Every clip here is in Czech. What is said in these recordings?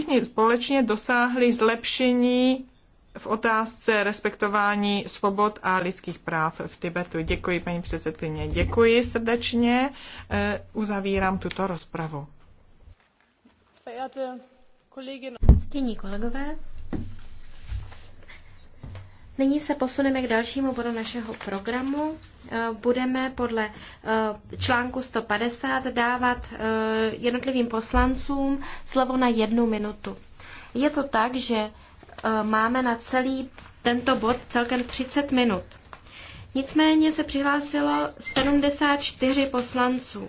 všichni společně dosáhli zlepšení v otázce respektování svobod a lidských práv v Tibetu. Děkuji, paní předsedkyně. Děkuji srdečně. E, uzavírám tuto rozpravu. Ctění kolegové, Nyní se posuneme k dalšímu bodu našeho programu. Eh, budeme podle eh, článku 150 dávat eh, jednotlivým poslancům slovo na jednu minutu. Je to tak, že máme na celý tento bod celkem 30 minut. Nicméně se přihlásilo 74 poslanců.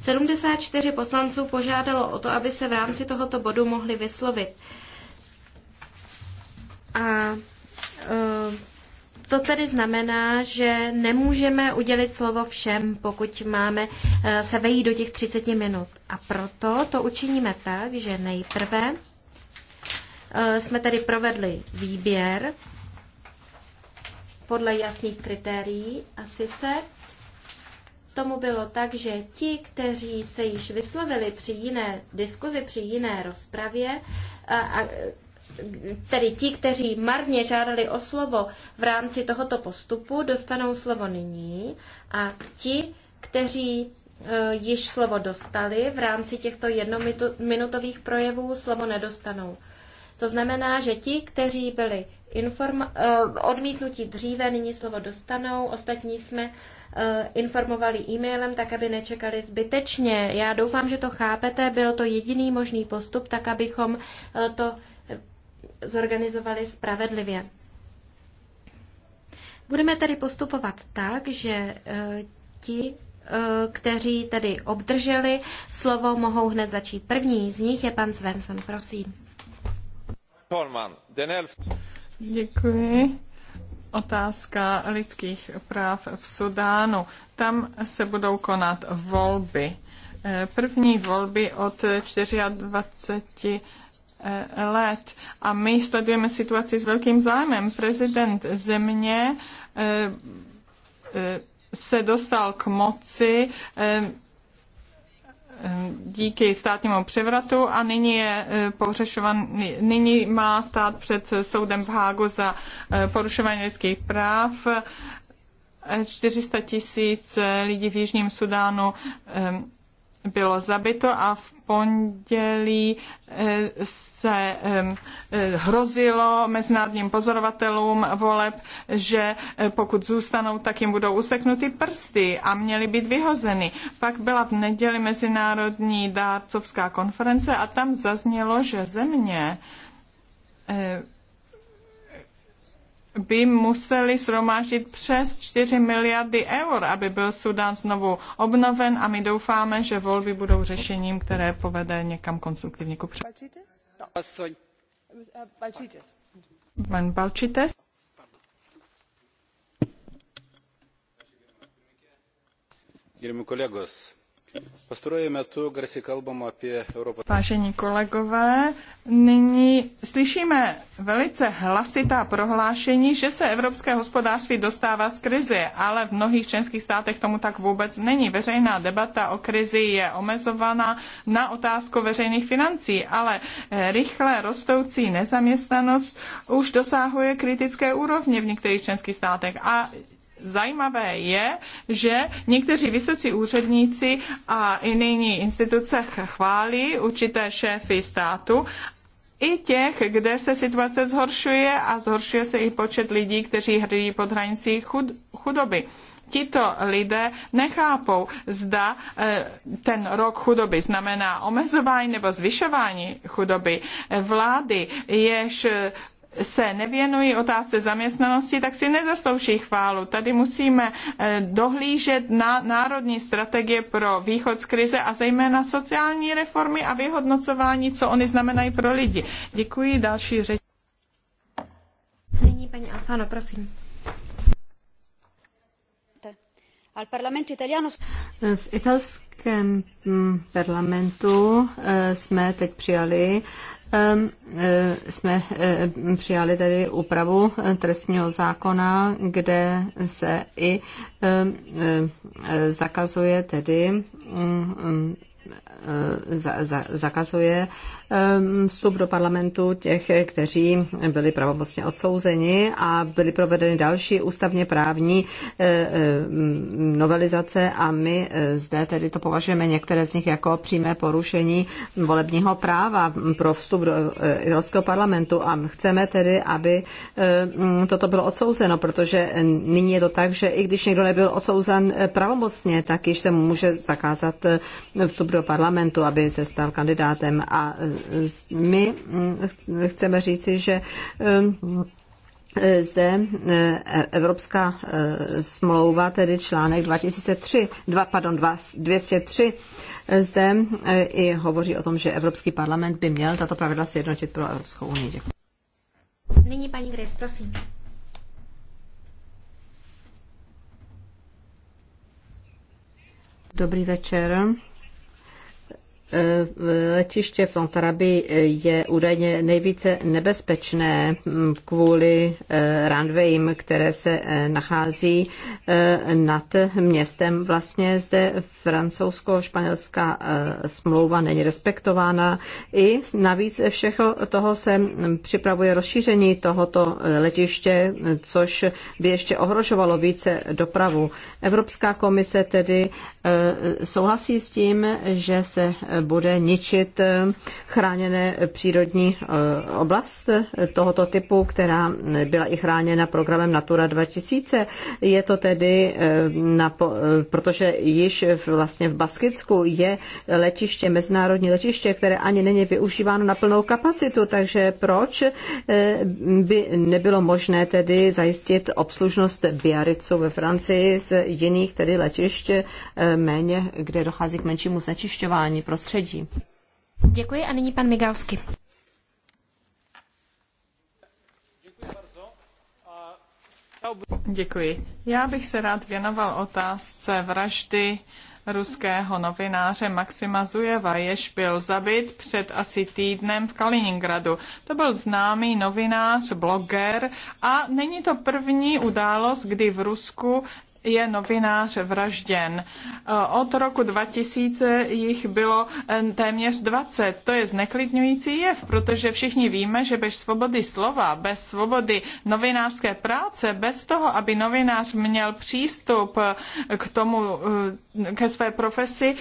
74 poslanců požádalo o to, aby se v rámci tohoto bodu mohli vyslovit. A Eh, to tedy znamená, že nemůžeme udělit slovo všem, pokud máme eh, se vejít do těch 30 minut. A proto to učiníme tak, že nejprve eh, jsme tedy provedli výběr podle jasných kritérií a sice tomu bylo tak, že ti, kteří se již vyslovili při jiné diskuzi, při jiné rozpravě, a, a, tedy ti, kteří marně žádali o slovo v rámci tohoto postupu, dostanou slovo nyní a ti, kteří e, již slovo dostali v rámci těchto jednominutových projevů, slovo nedostanou. To znamená, že ti, kteří byli informa- e, odmítnutí dříve, nyní slovo dostanou, ostatní jsme e, informovali e-mailem, tak aby nečekali zbytečně. Já doufám, že to chápete, byl to jediný možný postup, tak abychom to zorganizovali spravedlivě. Budeme tedy postupovat tak, že e, ti, e, kteří tedy obdrželi slovo, mohou hned začít. První z nich je pan Svensson, prosím. Děkuji. Otázka lidských práv v Sudánu. Tam se budou konat volby. E, první volby od 24 Eh, let. A my sledujeme situaci s velkým zájmem. Prezident země eh, eh, se dostal k moci díky státnímu převratu a nyní je pohřešovan, nyní má stát před soudem v Hágu za porušování lidských práv. 400 tisíc lidí v Jižním Sudánu bylo zabito a v pondělí eh, se ehm, eh, hrozilo mezinárodním pozorovatelům voleb, že eh, pokud zůstanou, tak jim budou useknuty prsty a měly být vyhozeny. Pak byla v neděli mezinárodní dárcovská konference a tam zaznělo, že země by museli shromáždit přes 4 miliardy eur, aby byl Sudán znovu obnoven a my doufáme, že volby budou řešením, které povede někam konstruktivně ku Pan kolegos, Vážení kolegové, nyní slyšíme velice hlasitá prohlášení, že se evropské hospodářství dostává z krize, ale v mnohých členských státech tomu tak vůbec není. Veřejná debata o krizi je omezovaná na otázku veřejných financí, ale eh, rychle rostoucí nezaměstnanost už dosahuje kritické úrovně v některých členských státech a zajímavé je, že někteří vysocí úředníci a i nyní instituce chválí určité šéfy státu, i těch, kde se situace zhoršuje a zhoršuje se i počet lidí, kteří hrdí pod hranicí chud- chudoby tito lidé nechápou, zda eh, ten rok chudoby znamená omezování nebo zvyšování chudoby. Vlády, jež se nevěnují otázce zaměstnanosti, tak si nezaslouží chválu. Tady musíme eh, dohlížet na národní strategie pro východ z krize a zejména sociální reformy a vyhodnocování, co oni znamenají pro lidi. Děkuji, další řeč. Nyní paní Alfano, prosím. V italském mm, parlamentu eh, jsme teď přijali Ehm, eh, jsme eh, přijali tedy úpravu eh, trestního zákona, kde se i ehm, zakazuje tedy mm, mm, zakazuje Ehm, vstup do parlamentu těch, kteří byli pravomocně odsouzeni a byly provedeny další ústavně právní eh, ehm, novelizace a my eh, zde tedy to považujeme některé z nich jako přímé porušení volebního práva pro vstup do eh, italského parlamentu a chceme tedy, aby ehm, toto bylo odsouzeno, protože nyní je to tak, že i když někdo nebyl odsouzen pravomocně, tak již se mu může zakázat vstup do parlamentu, aby se stal kandidátem a my hm, chceme říci, že hm, zde hm, Evropská smlouva, tedy článek 2003, dva, pardon, 203, zde i hovoří o tom, že Evropský parlament by měl tato pravidla sjednotit pro Evropskou unii. Děkuji. Nyní paní Grace, prosím. Dobrý večer. Letiště v Pontarabi je údajně nejvíce nebezpečné kvůli eh, runwayím, které se eh, nachází eh, nad městem. Vlastně zde francouzsko-španělská smlouva není respektována. I navíc všeho toho se připravuje rozšíření tohoto letiště, což by ještě ohrožovalo více dopravu. Evropská komise tedy souhlasí s tím, že se bude ničit eh, chráněné přírodní eh, oblast tohoto typu, která byla i chráněna programem Natura 2000. Je to tedy, eh, na, protože již vlastně v Baskicku je letiště, mezinárodní letiště, které ani není využíváno na plnou kapacitu, takže proč by nebylo možné tedy zajistit obslužnost Biaricu ve Francii z jiných tedy letiště méně, kde dochází k menšímu znečišťování prostředí? prostředí. Děkuji a nyní pan Migalsky. Děkuji. Já bych se rád věnoval otázce vraždy ruského novináře Maxima Zujeva, jež byl zabit před asi týdnem v Kaliningradu. To byl známý novinář, bloger a není to první událost, kdy v Rusku je novinář vražděn. Eh, od roku 2000 jich bylo eh, téměř 20. To je zneklidňující jev, protože všichni víme, že bez svobody slova, bez svobody novinářské práce, bez toho, aby novinář měl přístup eh, k tomu, ke své profesi,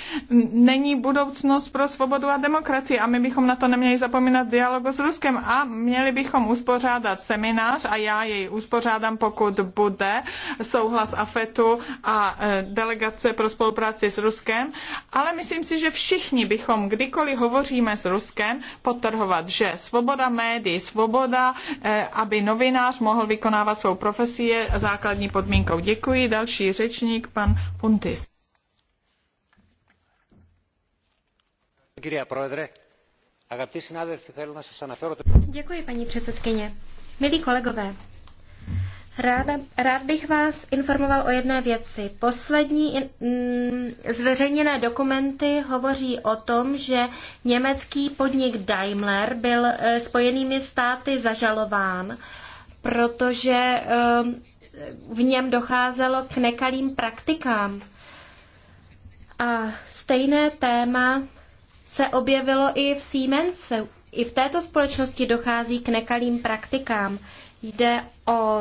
není budoucnost pro svobodu a demokracii. A my bychom na to neměli zapomínat dialogu s Ruskem a měli bychom uspořádat seminář a já jej uspořádám, pokud bude souhlas AFET AFETu a e, delegace pro spolupráci s Ruskem, ale myslím si, že všichni bychom, kdykoliv hovoříme s Ruskem, podtrhovat, že svoboda médií, svoboda, e, aby novinář mohl vykonávat svou profesi, je základní podmínkou. Děkuji. Další řečník, pan Puntis. Děkuji, paní předsedkyně. Milí kolegové, Ráda, rád bych vás informoval o jedné věci. Poslední in, mm, zveřejněné dokumenty hovoří o tom, že německý podnik Daimler byl e, spojenými státy zažalován, protože e, v něm docházelo k nekalým praktikám. A stejné téma se objevilo i v Siemensu. I v této společnosti dochází k nekalým praktikám. Jde o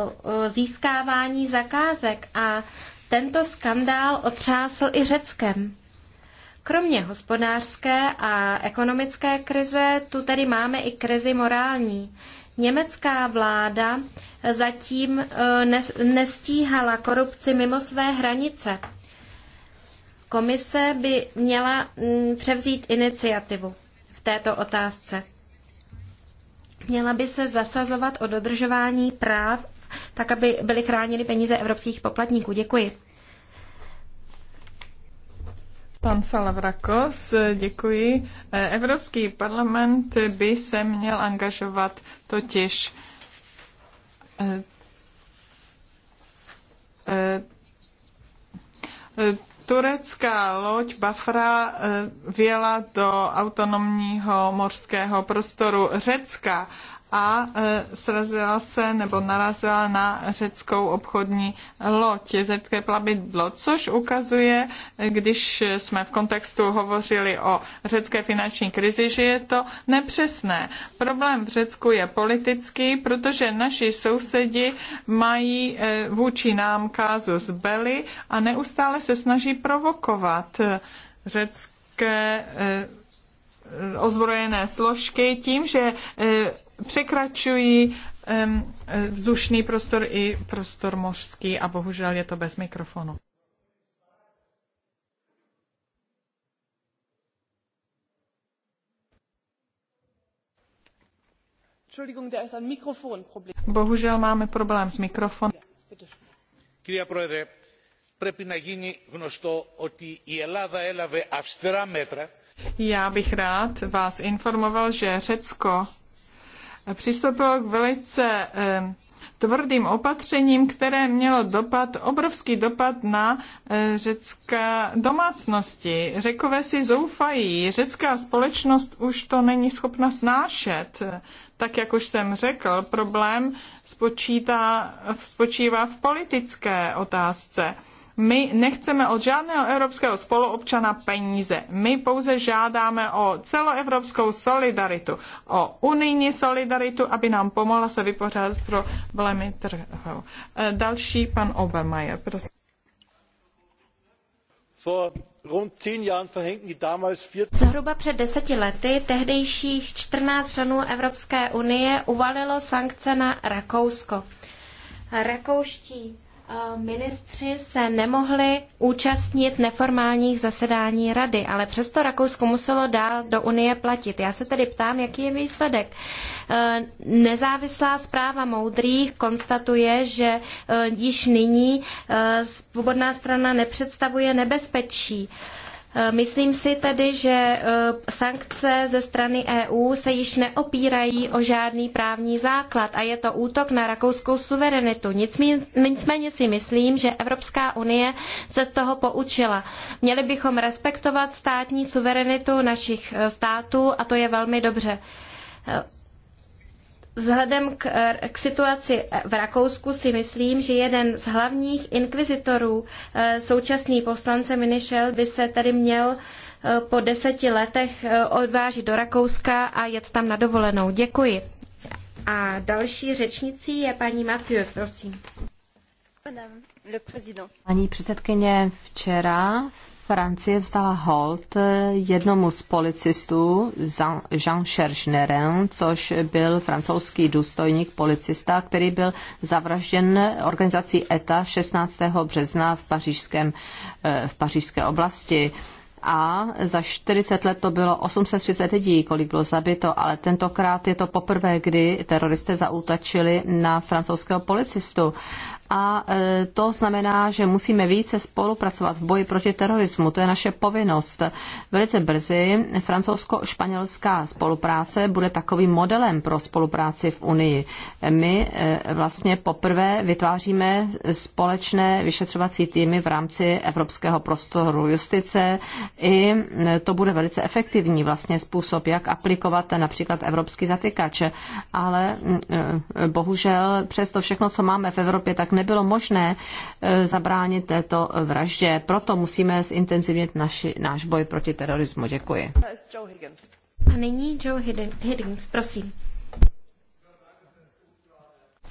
získávání zakázek a tento skandál otřásl i Řeckem. Kromě hospodářské a ekonomické krize tu tedy máme i krizi morální. Německá vláda zatím e, nestíhala korupci mimo své hranice. Komise by měla převzít iniciativu v této otázce. Měla by se zasazovat o dodržování práv, tak aby byly chráněny peníze evropských poplatníků. Děkuji. Pan Salavrakos, děkuji. Evropský parlament by se měl angažovat totiž eh, eh, Turecká loď Bafra eh, vjela do autonomního mořského prostoru Řecka a e, srazila se nebo narazila na řeckou obchodní loď, řecké plavidlo, což ukazuje, když jsme v kontextu hovořili o řecké finanční krizi, že je to nepřesné. Problém v Řecku je politický, protože naši sousedi mají e, vůči nám kázus zbeli a neustále se snaží provokovat řecké e, ozbrojené složky tím, že překračují vzdušný prostor i prostor mořský a bohužel je to bez mikrofonu. Bohužel máme problém s mikrofonem. Κυρία Πρόεδρε, πρέπει να γίνει γνωστό ότι Já bych rád vás informoval, že Řecko přistoupilo k velice eh, tvrdým opatřením, které mělo dopad, obrovský dopad na eh, řecká domácnosti. Řekové si zoufají, řecká společnost už to není schopna snášet. Tak, jak už jsem řekl, problém spočítá, spočívá v politické otázce. My nechceme od žádného evropského spoluobčana peníze. My pouze žádáme o celoevropskou solidaritu, o unijní solidaritu, aby nám pomohla se vypořádat s problémy trhu. E, další pan Obermeier, prosím. Zhruba před deseti lety tehdejších 14 členů Evropské unie uvalilo sankce na Rakousko. Rakouští Ministři se nemohli účastnit neformálních zasedání rady, ale přesto Rakousko muselo dál do Unie platit. Já se tedy ptám, jaký je výsledek. E, nezávislá zpráva moudrých konstatuje, že e, již nyní e, svobodná strana nepředstavuje nebezpečí. Eh, myslím si tedy, že eh, sankce ze strany EU se již neopírají o žádný právní základ a je to útok na rakouskou suverenitu. Nicméně si myslím, že Evropská unie se z toho poučila. Měli bychom respektovat státní suverenitu našich eh, států a to je velmi dobře. Vzhledem k, eh, k situaci v Rakousku si myslím, že jeden z hlavních inkvizitorů, eh, současný poslance Minišel, by se tedy měl eh, po deseti letech odvážit do Rakouska a jet tam na dovolenou. Děkuji. A další řečnicí je paní Mathieu, prosím. Paní předsedkyně, včera v Francie vzdala hold eh, jednomu z policistů, Jean Cherchnerin, což byl francouzský důstojník policista, který byl zavražděn organizací ETA 16. března v, pařížském, eh, v pařížské oblasti a za 40 let to bylo 830 lidí, kolik bylo zabito, ale tentokrát je to poprvé, kdy teroristé zaútočili na francouzského policistu a e, to znamená, že musíme více spolupracovat v boji proti terorismu. To je naše povinnost. Velice brzy francouzsko-španělská spolupráce bude takovým modelem pro spolupráci v Unii. My e, vlastně poprvé vytváříme společné vyšetřovací týmy v rámci evropského prostoru justice i e, to bude velice efektivní vlastně způsob, jak aplikovat například evropský zatykač. Ale bohužel přesto všechno, co máme v Evropě, tak nebylo možné eh, zabránit této vraždě. Proto musíme zintenzivnit naši, náš boj proti terorismu. Děkuji. A nyní Joe Higgins, prosím.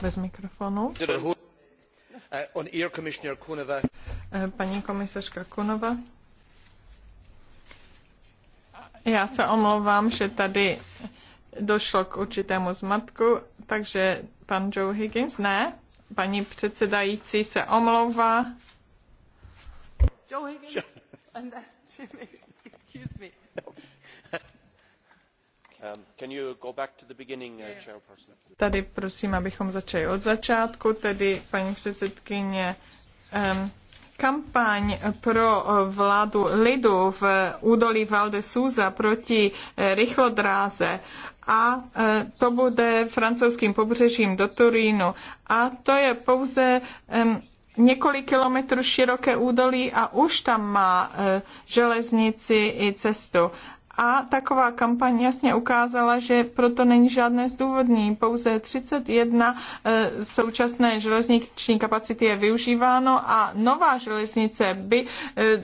Bez mikrofonu. Eh, eh, paní komisařka Kunova, já se omlouvám, že tady došlo k určitému zmatku, takže pan Joe Higgins, ne? Paní předsedající se omlouvá. Joe Higgins and then Jimmy. Excuse me. Um, uh, Tady prosím, abychom začali od začátku, tedy paní předsedkyně um, kampaň pro vládu lidu v údolí Valde Suza proti eh, rychlodráze a e, to bude francouzským pobřežím do Turínu. A to je pouze e, několik kilometrů široké údolí a už tam má e, železnici i cestu. A taková kampaň jasně ukázala, že proto není žádné zdůvodní. Pouze 31 e, současné železniční kapacity je využíváno a nová železnice by e,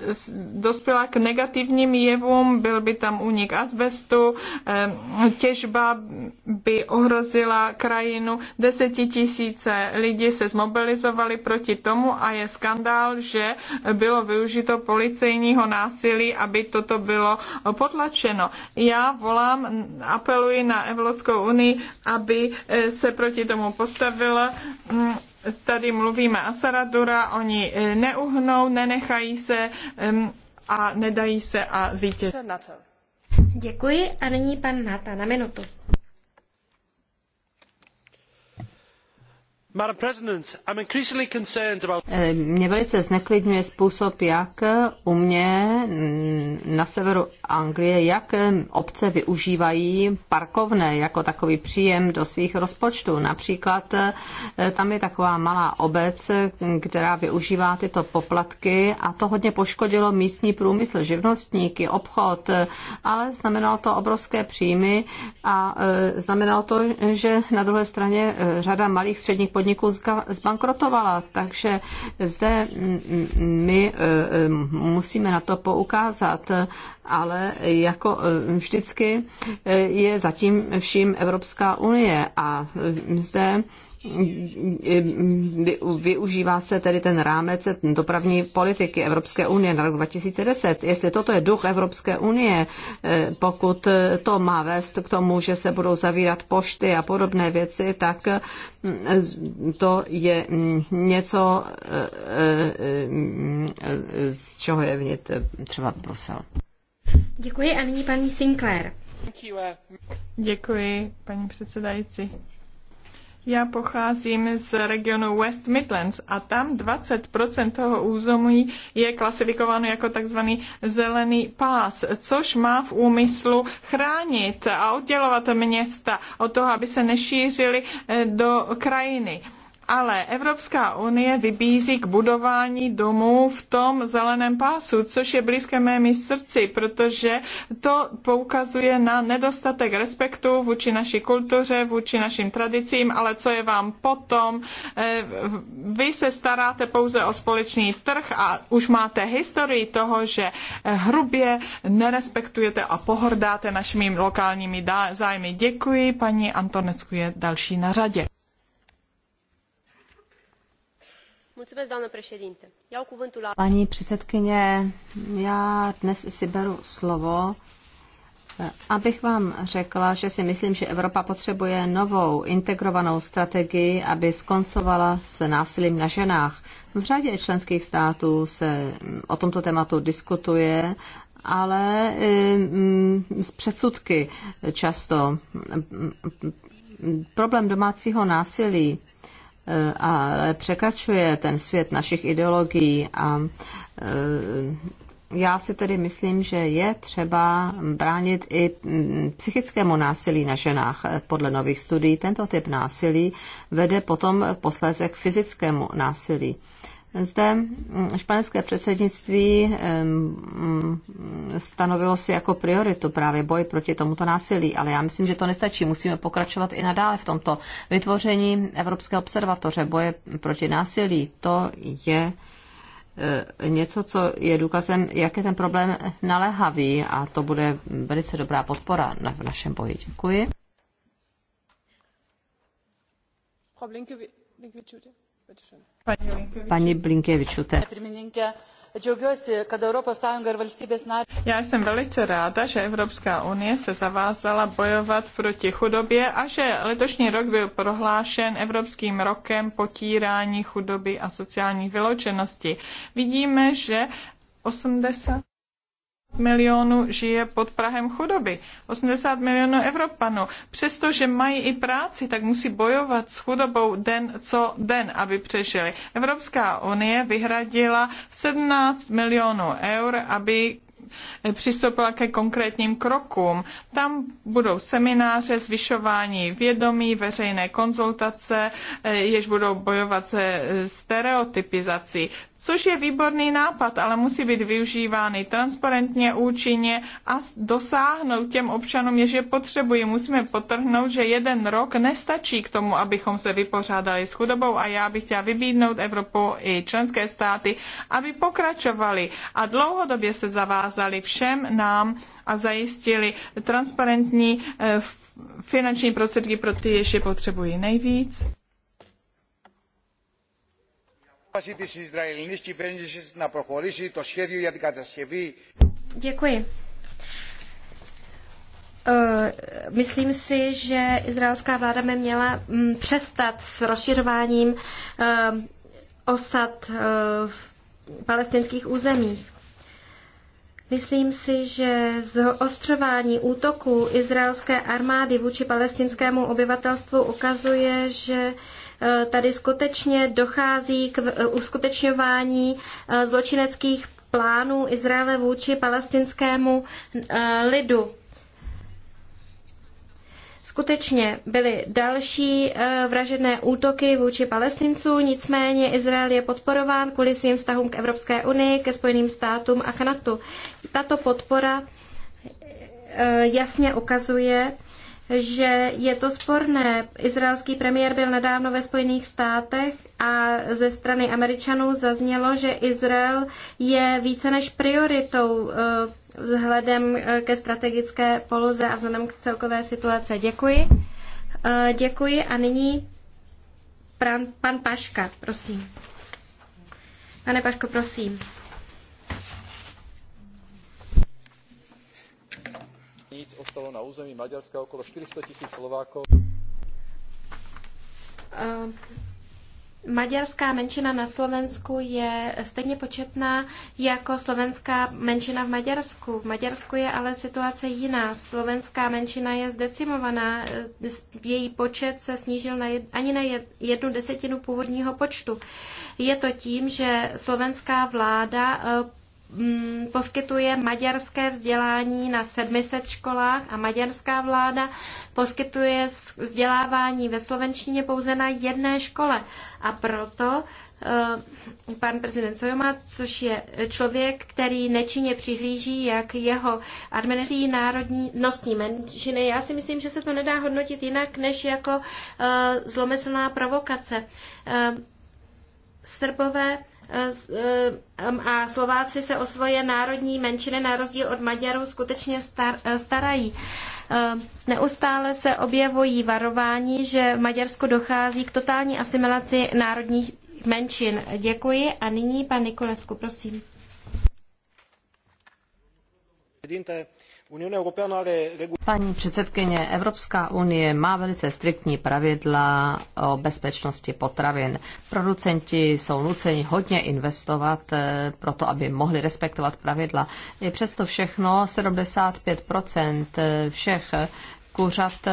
dospěla k negativním jevům, byl by tam únik asbestu, e, těžba by ohrozila krajinu. Desetitisíce lidí se zmobilizovali proti tomu a je skandál, že bylo využito policejního násilí, aby toto bylo potlačeno potlačeno. Já volám, apeluji na Evropskou unii, aby eh, se proti tomu postavila mm, tady mluvíme Asaradura, oni eh, neuhnou, nenechají se a nedají se a zvítězí. Děkuji a nyní pan Nata na minutu. Eh, mě velice zneklidňuje způsob, jak u mě na severu Anglie, jak eh, obce využívají parkovné jako takový příjem do svých rozpočtů. Například eh, tam je taková malá obec, která využívá tyto poplatky a to hodně poškodilo místní průmysl, živnostníky, obchod, ale znamenalo to obrovské příjmy a znamenalo to, že na druhé straně řada malých středních podniku zbankrotovala. Takže zde my e, e, musíme na to poukázat, ale jako e, vždycky je zatím vším Evropská unie a zde využívá se tedy ten rámec dopravní politiky Evropské unie na rok 2010. Jestli toto je duch Evropské unie, eh, pokud to má vést k tomu, že se budou zavírat pošty a podobné věci, tak mm, to je mm, něco, eh, eh, mm, z čeho je vnit třeba Brusel. Děkuji a nyní paní Sinclair. Uh, Děkuji, paní předsedající. Já pocházím z regionu West Midlands a tam 20% toho území je klasifikováno jako takzvaný zelený pás, což má v úmyslu chránit a oddělovat města od toho, aby se nešířili eh, do krajiny ale Evropská unie vybízí k budování domů v tom zeleném pásu, což je blízké mému srdci, protože to poukazuje na nedostatek respektu vůči naší kultuře, vůči našim tradicím, ale co je vám potom? Eh, vy se staráte pouze o společný trh a už máte historii toho, že eh, hrubě nerespektujete a pohordáte našimi lokálními zájmy. Děkuji, paní Antonecku je další na řadě. Paní předsedkyně, já dnes si beru slovo, eh, abych vám řekla, že si myslím, že Evropa potřebuje novou integrovanou strategii, aby skoncovala s násilím na ženách. V řadě členských států se mm, o tomto tématu diskutuje, ale eh, mm, s předsudky často. Mm, problém domácího násilí Eh, a překračuje ten svět našich ideologií a eh, já si tedy myslím, že je třeba bránit i mm, psychickému násilí na ženách. Eh, podle nových studií tento typ násilí vede potom posléze k fyzickému násilí. Zde mm, španělské předsednictví mm, stanovilo si jako prioritu právě boj proti tomuto násilí, ale já myslím, že to nestačí. Musíme pokračovat i nadále v tomto vytvoření Evropské observatoře boje proti násilí. To je e, něco, co je důkazem, jak je ten problém naléhavý a to bude velice dobrá podpora na, v našem boji. Děkuji. Problem, Paní Blinkevičute. Já jsem velice ráda, že Evropská unie se zavázala bojovat proti chudobě a že letošní rok byl prohlášen Evropským rokem potírání chudoby a sociální vyloučenosti. Vidíme, že 80 milionů žije pod Prahem chudoby. 80 milionů Evropanů. Přestože mají i práci, tak musí bojovat s chudobou den co den, aby přežili. Evropská unie vyhradila 17 milionů eur, aby Eh, přistoupila ke konkrétním krokům. Tam budou semináře, zvyšování vědomí, veřejné konzultace, eh, jež budou bojovat se eh, stereotypizací, což je výborný nápad, ale musí být využívány transparentně, účinně a dosáhnout těm občanům, jež je potřebují. Musíme potrhnout, že jeden rok nestačí k tomu, abychom se vypořádali s chudobou a já bych chtěla vybídnout Evropu i členské státy, aby pokračovali a dlouhodobě se zavázali ukázali všem nám a zajistili transparentní eh, finanční prostředky pro ty, jež je potřebují nejvíc. Děkuji. Eh, myslím si, že izraelská vláda by měla mm, přestat s rozšiřováním eh, osad v palestinských územích. Myslím si, že zostřování útoků izraelské armády vůči palestinskému obyvatelstvu ukazuje, že e, tady skutečně dochází k e, uskutečňování e, zločineckých plánů Izraele vůči palestinskému lidu skutečně byly další eh, vražedné útoky vůči palestincům, nicméně Izrael je podporován kvůli svým vztahům k Evropské unii, ke Spojeným státům a k NATO. Tato podpora eh, jasně ukazuje, že je to sporné. Izraelský premiér byl nedávno ve Spojených státech a ze strany Američanů zaznělo, že Izrael je více než prioritou eh, vzhledem eh, ke strategické poloze a vzhledem k celkové situaci. Děkuji. Eh, děkuji a nyní pan, pan Paška, prosím. Pane Paško, prosím. zůstalo na území Maďarska okolo 400 tisíc Slováků. Eh, maďarská menšina na Slovensku je stejně početná jako slovenská menšina v Maďarsku. V Maďarsku je ale situace jiná. Slovenská menšina je zdecimovaná, eh, její počet se snížil na jed, ani na jednu desetinu původního počtu. Je to tím, že slovenská vláda eh, Mm, poskytuje maďarské vzdělání na 700 školách a maďarská vláda poskytuje vzdělávání ve slovenštině pouze na jedné škole. A proto eh, pan prezident Sojoma, což je člověk, který nečinně přihlíží, jak jeho administrací národní nosní menšiny. Já si myslím, že se to nedá hodnotit jinak, než jako eh, zlomyslná provokace. Eh, Srbové eh, eh, a Slováci se o svoje národní menšiny na rozdíl od Maďarů skutečně eh, starají. Neustále se objevují varování, že v Maďarsku dochází k totální asimilaci národních menšin. Děkuji a nyní pan Nikolesku, prosím. Paní předsedkyně, Evropská unie má velice striktní pravidla o bezpečnosti potravin. Producenti jsou nuceni hodně investovat eh, proto, aby mohli respektovat pravidla. I přesto všechno 75% eh, všech kuřat eh,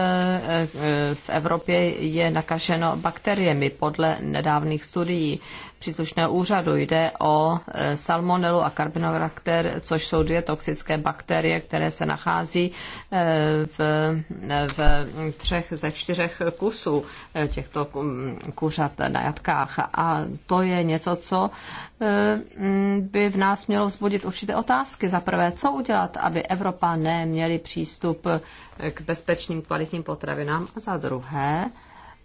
eh, v Evropě je nakaženo bakteriemi podle nedávných studií příslušného úřadu. Jde o eh, salmonelu a carbinobacter, což jsou dvě toxické bakterie, které se nachází v, v třech ze čtyřech kusů těchto kuřat na jatkách. A to je něco, co mm, by v nás mělo vzbudit určité otázky. Za prvé, co udělat, aby Evropa neměli přístup k bezpečným kvalitním potravinám a za druhé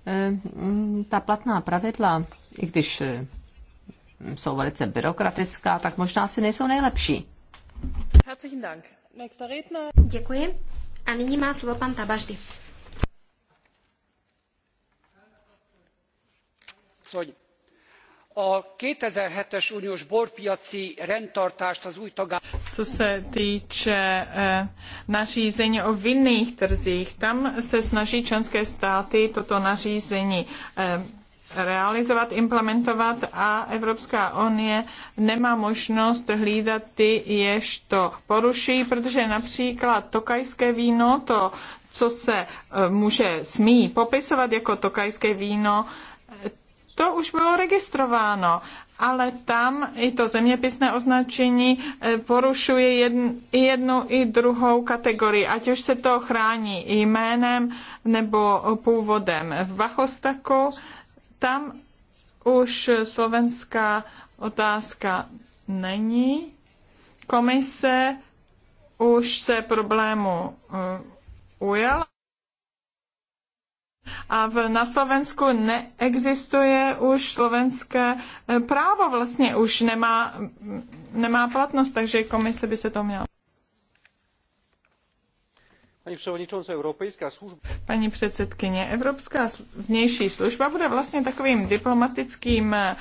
eh, mm, ta platná pravidla, i když eh, jsou velice byrokratická, tak možná si nejsou nejlepší. Děkuji. A nyní má slovo pan Tabaždy. Sorry a two thousand and seven es uniós borpiaci rendtartást az új tagállamok. Co se týče eh, nařízení o vinných trzích, tam se snaží členské státy toto nařízení eh, realizovat, implementovat a Evropská unie nemá možnost hlídat ty, jež to poruší, protože například tokajské víno, to, co se eh, může smí popisovat jako tokajské víno, to už bylo registrováno, ale tam i to zeměpisné označení eh, porušuje jednu i druhou kategorii, ať už se to chrání jménem nebo původem. V Bachostaku tam už slovenská otázka není. Komise už se problému eh, ujala a v, na Slovensku neexistuje už slovenské eh, právo, vlastně už nemá, nemá platnost, takže komise by se to měla. Pani předsedkyně, Evropská služba... Pani předsedkyně, Evropská vnější služba bude vlastně takovým diplomatickým eh,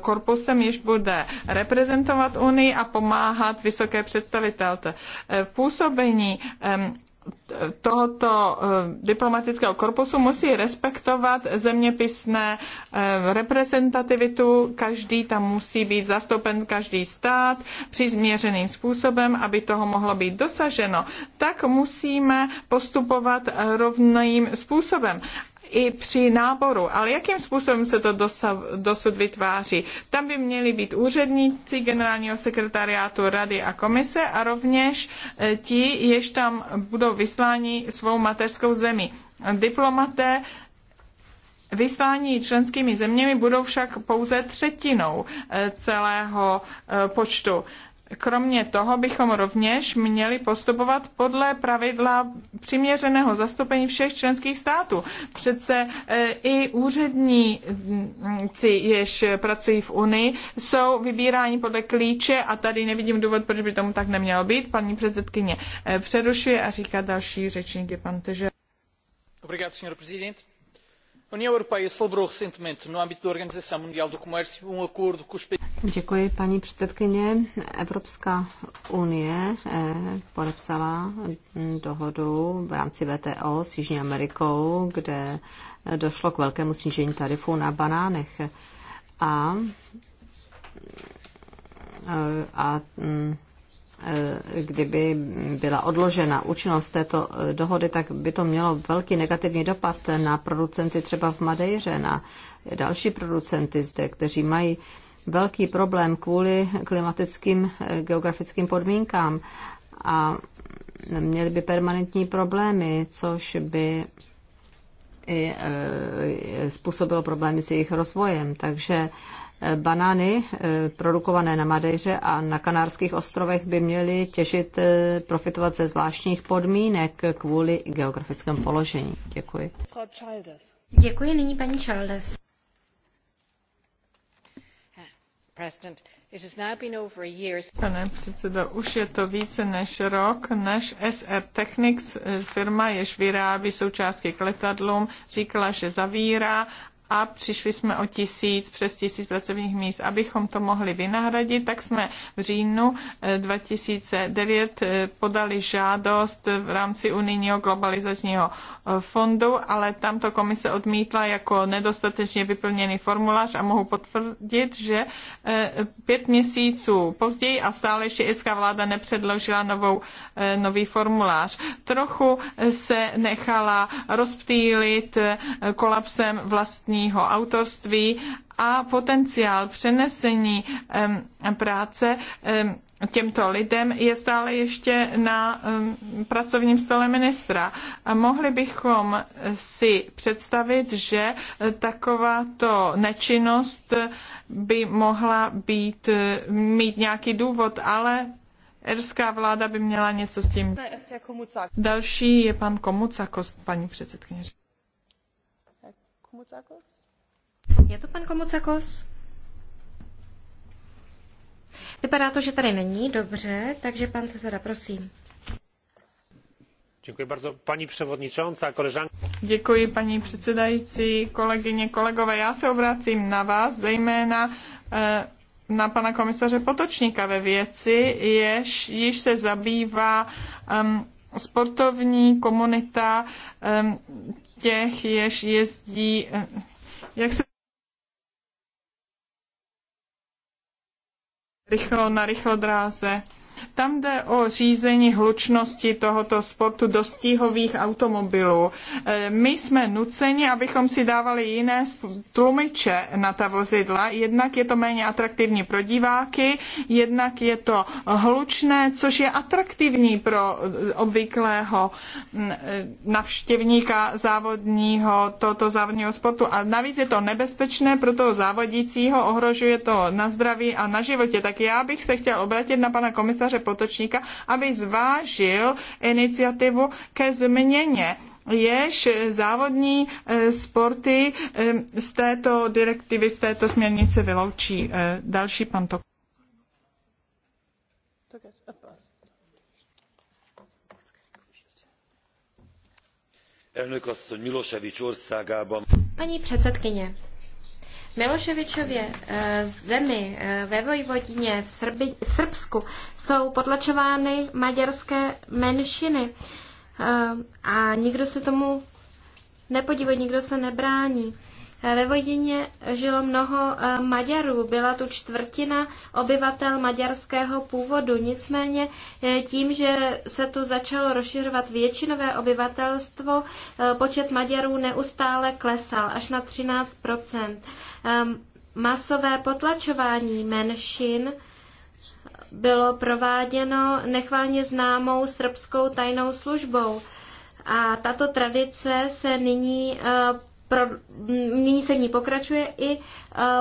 korpusem, jež bude reprezentovat Unii a pomáhat vysoké představitelce. Eh, v působení tohoto eh, diplomatického korpusu musí respektovat zeměpisné eh, reprezentativitu. Každý tam musí být zastoupen, každý stát, přizměřeným způsobem, aby toho mohlo být dosaženo. Tak musíme postupovat eh, rovným způsobem i při náboru. Ale jakým způsobem se to dosav, dosud vytváří? Tam by měli být úředníci generálního sekretariátu rady a komise a rovněž e, ti, jež tam budou vysláni svou mateřskou zemi. Diplomaté Vyslání členskými zeměmi budou však pouze třetinou e, celého e, počtu kromě toho bychom rovněž měli postupovat podle pravidla přiměřeného zastoupení všech členských států. Přece e, i úředníci, jež pracují v Unii, jsou vybíráni podle klíče a tady nevidím důvod, proč by tomu tak nemělo být. Paní předsedkyně e, přerušuje a říká další řečník je pan Teže. Obrigado, senhor presidente. A Unie Europeia celebrou recentemente no âmbito da Organização Mundial do Comércio um acordo com os Děkuji, paní předsedkyně. Evropská unie eh, podepsala dohodu v rámci VTO s Jižní Amerikou, kde došlo k velkému snížení tarifů na banánech. A, eh, a, a mm, Eh, kdyby byla odložena účinnost této eh, dohody, tak by to mělo velký negativní dopad na producenty třeba v Madejře, na další producenty zde, kteří mají velký problém kvůli klimatickým eh, geografickým podmínkám a měli by permanentní problémy, což by i způsobilo problémy s jejich rozvojem. Takže banány eh, produkované na Madejře a na Kanárských ostrovech by měly těžit, eh, profitovat ze zvláštních podmínek kvůli geografickému položení. Děkuji. Děkuji nyní paní Chaldes. Pane předsedo, už je to více než rok, než SR Technics, eh, firma, jež vyrábí součástky k letadlům, říkala, že zavírá a přišli jsme o tisíc, přes tisíc pracovních míst. Abychom to mohli vynahradit, tak jsme v říjnu 2009 eh, eh, podali žádost v rámci unijního globalizačního eh, fondu, ale tam to komise odmítla jako nedostatečně vyplněný formulář a mohu potvrdit, že pět měsíců později a stále ještě irská vláda nepředložila novou, nový formulář. Trochu se nechala rozptýlit kolapsem vlastní duševního autorství a potenciál přenesení práce těmto lidem je stále ještě na pracovním stole ministra. A mohli bychom si představit, že eh, takováto nečinnost by mohla být, eh, mít nějaký důvod, ale Erská vláda by měla něco s tím. Další je pan Komucakos, paní předsedkyně. Komucakos? Je to pan Komocakos? Vypadá to, že tady není, dobře, takže pan Cezara, prosím. Děkuji bardzo. Paní převodničonca, koleżanki. Děkuji, paní předsedající, kolegyně, kolegové. Já se obracím na vás, zejména eh, na pana komisaře Potočníka ve věci, jež jež se zabývá um, sportovní komunita um, těch, jež jezdí, um, jak se rychlo na rychlodráze tam jde o řízení hlučnosti tohoto sportu dostíhových automobilů. E, my jsme nuceni, abychom si dávali jiné tlumiče na ta vozidla. Jednak je to méně atraktivní pro diváky, jednak je to hlučné, což je atraktivní pro e, obvyklého e, navštěvníka závodního, tohoto závodního sportu. A navíc je to nebezpečné pro toho závodícího, ohrožuje to na zdraví a na životě. Tak já bych se chtěl obratit na pana komisaře komisaře Potočníka, aby zvážil iniciativu ke změně jež závodní e, sporty e, z této direktivy, z této směrnice vyloučí. E, další pan to. Paní předsedkyně, Miloševičově eh, zemi eh, ve Vojvodině v, Srbi, v Srbsku jsou potlačovány maďarské menšiny eh, a nikdo se tomu nepodívá, nikdo se nebrání. Ve Vojdině žilo mnoho eh, Maďarů, byla tu čtvrtina obyvatel maďarského původu. Nicméně eh, tím, že se tu začalo rozšiřovat většinové obyvatelstvo, eh, počet Maďarů neustále klesal až na 13 ehm, Masové potlačování menšin bylo prováděno nechválně známou srbskou tajnou službou. A tato tradice se nyní pro, nyní se v ní pokračuje i uh,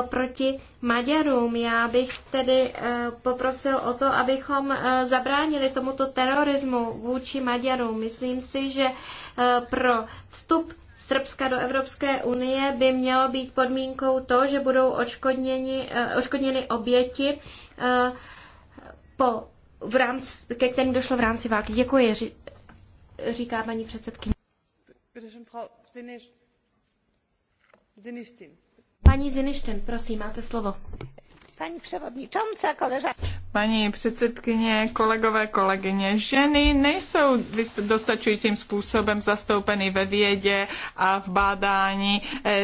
proti Maďarům. Já bych tedy uh, poprosil o to, abychom uh, zabránili tomuto terorismu vůči Maďarům. Myslím si, že uh, pro vstup Srbska do Evropské unie by mělo být podmínkou to, že budou uh, oškodněny oběti uh, po, v rámci, ke kterým došlo v rámci války. Děkuji, říká paní předsedkyně. Bitte schön, Frau Ziništin. Paní prosím, máte slovo. Paní převodničonca, koleżanki. Paní předsedkyně, kolegové, kolegyně, ženy nejsou dostačujícím způsobem zastoupeny ve vědě a v bádání.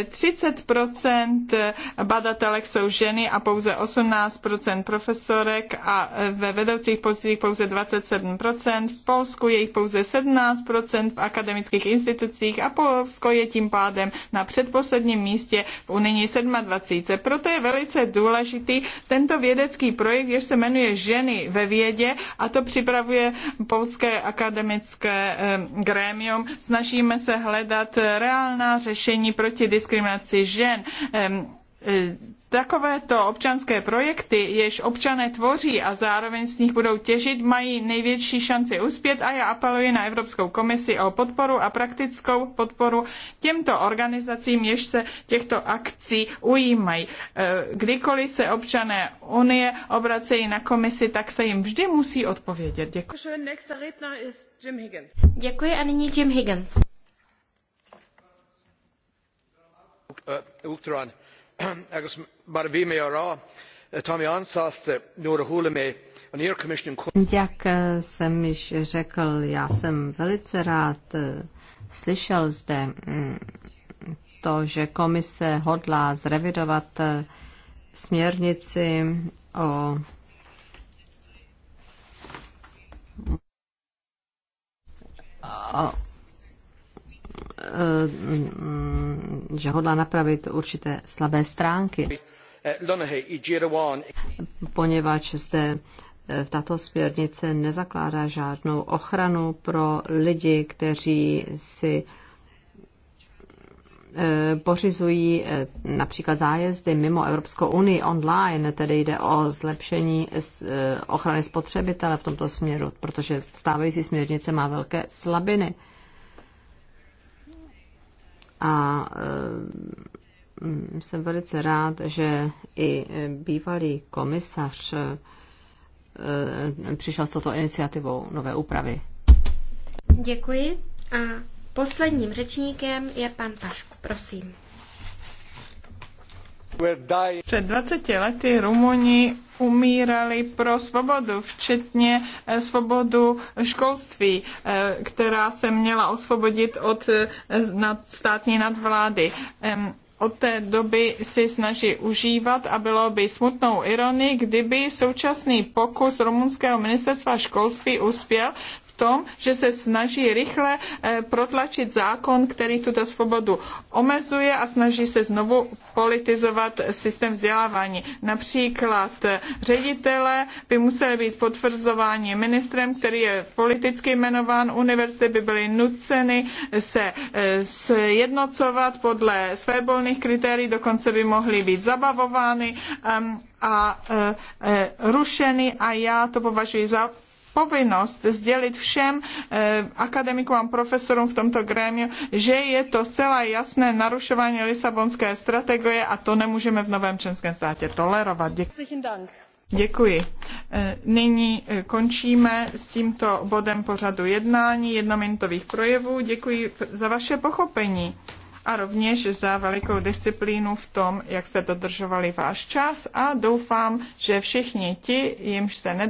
30% eh, badatelek jsou ženy a pouze 18% profesorek a eh, ve vedoucích pozicích pouze 27%. V Polsku je jich pouze 17% v akademických institucích a Polsko je tím pádem na předposledním místě v unijní 27. Proto je velice důležitý tento vědecký projekt, jež se jmenuje jmenuje Ženy ve vědě a to připravuje polské akademické eh, grémium. Snažíme se hledat reálná řešení proti diskriminaci žen eh, Takovéto občanské projekty, jež občané tvoří a zároveň z nich budou těžit, mají největší šanci uspět a já apeluji na Evropskou komisi o podporu a praktickou podporu těmto organizacím, jež se těchto akcí ujímají. E, kdykoliv se občané Unie obracejí na komisi, tak se jim vždy musí odpovědět. Děkuji. Děkuji a nyní Jim Higgins. Uh, jak eh, jsem již řekl, já jsem velice rád eh, slyšel zde mm, to, že komise hodlá zrevidovat eh, směrnici o o mm, že hodlá napravit určité slabé stránky, poněvadž zde e, tato směrnice nezakládá žádnou ochranu pro lidi, kteří si e, pořizují e, například zájezdy mimo Evropskou unii online, tedy jde o zlepšení ochrany spotřebitele v tomto směru, protože stávající směrnice má velké slabiny. A eh, jsem velice rád, že i bývalý komisař eh, přišel s toto iniciativou nové úpravy. Děkuji. A posledním řečníkem je pan Pašku. Prosím. Před 20 lety Rumuni umírali pro svobodu, včetně eh, svobodu školství, eh, která se měla osvobodit od eh, státní nadvlády od té doby si snaží užívat a bylo by smutnou ironii, kdyby současný pokus rumunského ministerstva školství uspěl tom, že se snaží rychle eh, protlačit zákon, který tuto svobodu omezuje a snaží se znovu politizovat systém vzdělávání. Například eh, ředitele by museli být potvrzováni ministrem, který je politicky jmenován, univerzity by byly nuceny se eh, sjednocovat podle volných kritérií, dokonce by mohly být zabavovány a rušeny a já to považuji za povinnost sdělit všem eh, akademikům a profesorům v tomto grémiu, že je to celá jasné narušování Lisabonské strategie a to nemůžeme v novém členském státě tolerovat. Děkuji. Děkuji. Eh, nyní eh, končíme s tímto bodem pořadu jednání jednominutových projevů. Děkuji za vaše pochopení a rovněž za velikou disciplínu v tom, jak jste dodržovali váš čas a doufám, že všichni ti, jimž se nedostali,